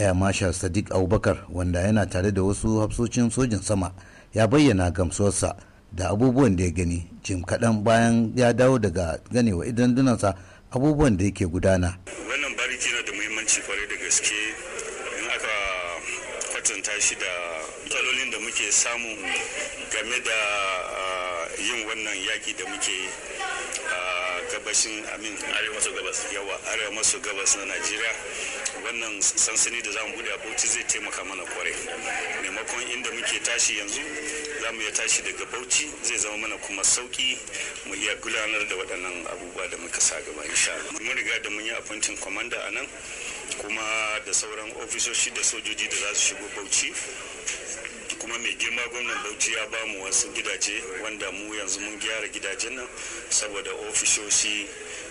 air marshal sadiq abubakar wanda yana tare da wasu hafsocin sojin sama ya bayyana gamsuwarsa da abubuwan da ya gani jim kaɗan bayan ya dawo daga ganewa idan dunansa abubuwan da yake gudana wannan bariki yana da muhimmanci kwarai da gaske in aka kwatanta shi da matsalolin da muke samu game da ah, yin wannan yaki da muke ah, gabashin amin arewa maso gabas yawa arewa maso gabas na najeriya wannan sansani da zamu bude a bauchi zai taimaka mana kwarai maimakon inda muke tashi yanzu zamu mu iya tashi daga bauchi zai zama mana kuma sauki mu iya gudanar da waɗannan abubuwa da muka sa gaba insha Allah mun riga da mun yi appointing commander a nan kuma da sauran ofisoshi da sojoji da za su shigo bauchi kuma mai girma gwamnan bauchi ya bamu wasu gidaje wanda mu yanzu mun gyara gidajen nan saboda ofishoshi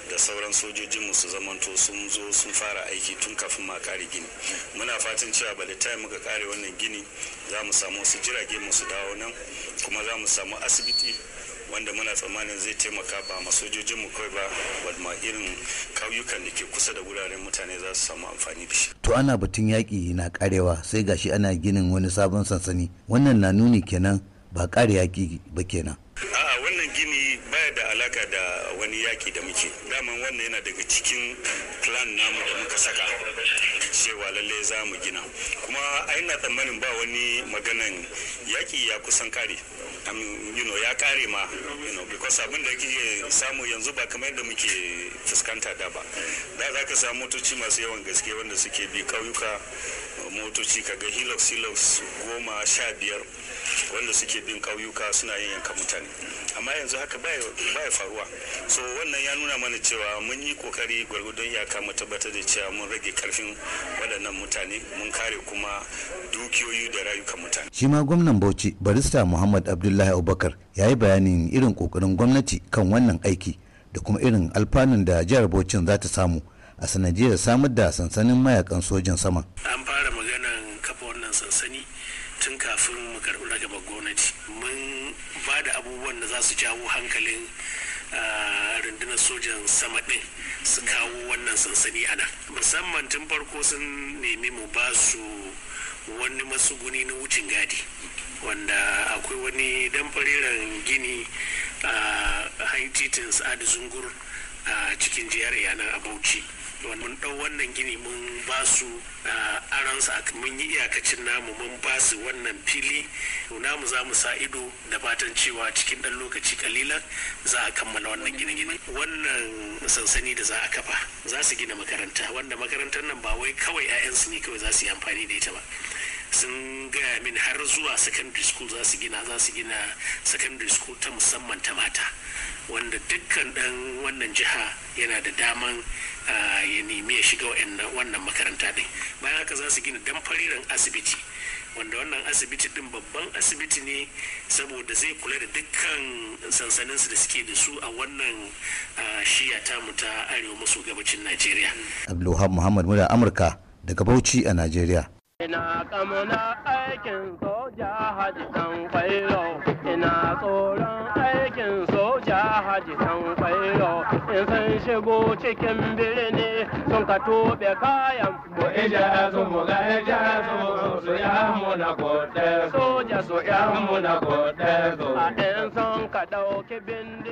da sauran sojojin su zamanto sun zo sun fara aiki tun kafin ma kare gini muna fatan cewa ba time muka kare wannan gini za mu samu wasu jirage musu dawo nan kuma za mu samu asibiti wanda muna tsammanin zai taimaka ba ma sojojinmu kawai ba ba irin kauyukan da ke kusa da wuraren mutane za su samu amfani da shi. To ana batun yaƙi na karewa sai gashi ana ginin wani sabon sansani wannan na nuni kenan ba ƙare yaƙi ba kenan. A'a wannan gini baya da alaka da wani yaƙi da muke. Daman wannan yana daga cikin plan namu da muka saka cewa lalle za mu gina. Kuma a ina tsammanin ba wani maganan yaƙi ya kusan kare. ya kare ma you because abin da kike samu yanzu ba kamar yadda muke fuskanta da ba da za ka samu motoci masu yawan gaske wanda suke bi kauyuka motoci kaga hilux hilux goma sha biyar wanda suke bin kauyuka suna yin yanka mutane amma yanzu haka baya faruwa so wannan ya nuna mana cewa mun yi kokari gwargwadon iyaka mu tabbatar da cewa mun rage karfin waɗannan mutane mun kare kuma dukiyoyi da rayukan mutane shi ma gwamnan bauchi barista muhammad abdullahi abubakar ya yi bayanin irin kokarin gwamnati kan wannan aiki da kuma irin alfanun da jihar bauchin za ta samu a sanadiyar samar da sansanin mayakan sojin sama. da abubuwan da za su jawo hankalin ah, rundunar sojan sama ɗin su kawo wannan sansani a nan musamman tun farko sun nemi mu ba su wani matsuguni na wucin gadi wanda akwai wani fariran gini ah, ah, a haiti sa'ad zungur a cikin jihar yanar a bauchi mun ɗau wannan gini mun ba su aransa mun yi iyakacin namu mun ba su wannan fili namu za mu sa ido da fatan cewa cikin ɗan lokaci kalilan za a kammala wannan gine-gine wannan sansani da za a kafa za su gina makaranta wanda makarantar nan ba wai kawai 'ya'yansu ne kawai za su yi amfani da ita ba sun gaya min har zuwa secondary school za su gina za su gina secondary school ta musamman ta mata wanda dukkan dan wannan jiha yana da daman ya nemi ya shiga wannan makaranta din bayan haka za su gina dan fariran asibiti wanda wannan asibiti din babban asibiti ne saboda zai kula da dukkan sansaninsu da suke da su a wannan shiya ta ta arewa maso gabacin najeriya abdulhab muhammad muna amurka daga bauchi a najeriya Ina kamuna aikin soja haji dan kwairo, ina tsoron aikin soja haji dan kwairo, in sun shigo cikin birni sun ka tobe kayan. Mu ija su mu ga ija su su ya muna kote soja su ya muna kote su. A ɗin sun ka ɗauki bindi.